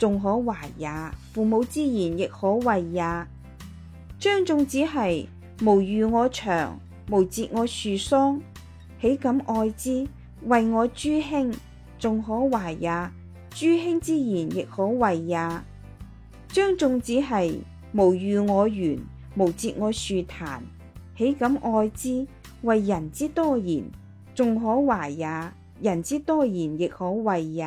仲可懷也，父母之言亦可畏也。將仲子兮，無逾我牆，無折我樹桑，豈敢愛之？畏我諸兄。仲可懷也，諸兄之言亦可畏也。將仲子兮，無逾我園，無折我樹檀，豈敢愛之？畏人之多言。仲可懷也，人之多言亦可畏也。